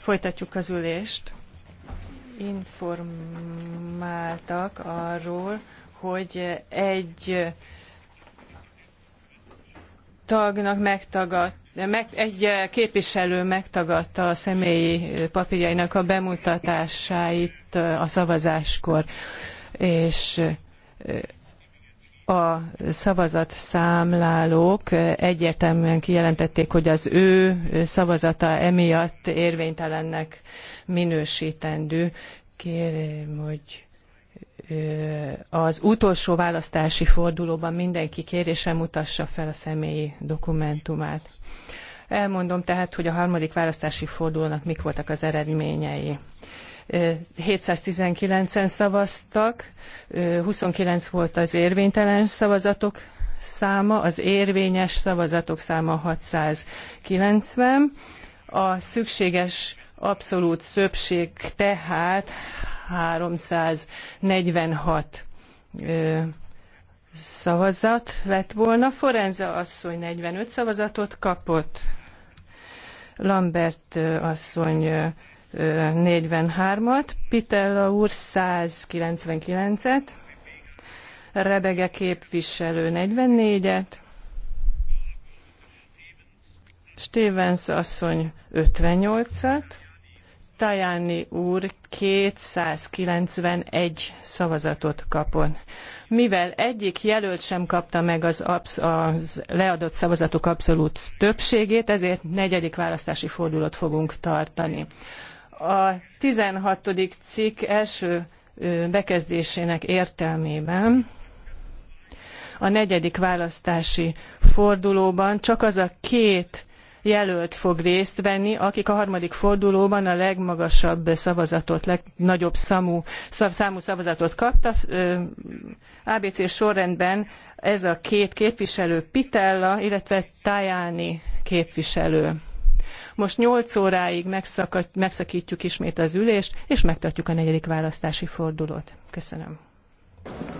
Folytatjuk az ülést. Informáltak arról, hogy egy tagnak megtagadta egy képviselő megtagadta a személyi papírjainak a bemutatásait a szavazáskor, és a szavazatszámlálók egyértelműen kijelentették, hogy az ő szavazata emiatt érvénytelennek minősítendő. Kérem, hogy az utolsó választási fordulóban mindenki kérésre mutassa fel a személyi dokumentumát. Elmondom tehát, hogy a harmadik választási fordulónak mik voltak az eredményei. 719-en szavaztak, 29 volt az érvénytelen szavazatok száma, az érvényes szavazatok száma 690, a szükséges abszolút szöbség tehát 346 szavazat lett volna. Forenza asszony 45 szavazatot kapott. Lambert asszony 43-at, Pitella úr 199-et, Rebege képviselő 44-et, Stevens asszony 58-at, Tajani úr 291 szavazatot kapott. Mivel egyik jelölt sem kapta meg az, absz- az leadott szavazatok abszolút többségét, ezért negyedik választási fordulót fogunk tartani. A 16. cikk első bekezdésének értelmében a negyedik választási fordulóban csak az a két jelölt fog részt venni, akik a harmadik fordulóban a legmagasabb szavazatot, legnagyobb számú, szavazatot kapta. ABC sorrendben ez a két képviselő Pitella, illetve Tajani képviselő. Most nyolc óráig megszaktjuk megszakítjuk ismét az ülést, és megtartjuk a negyedik választási fordulót. Köszönöm.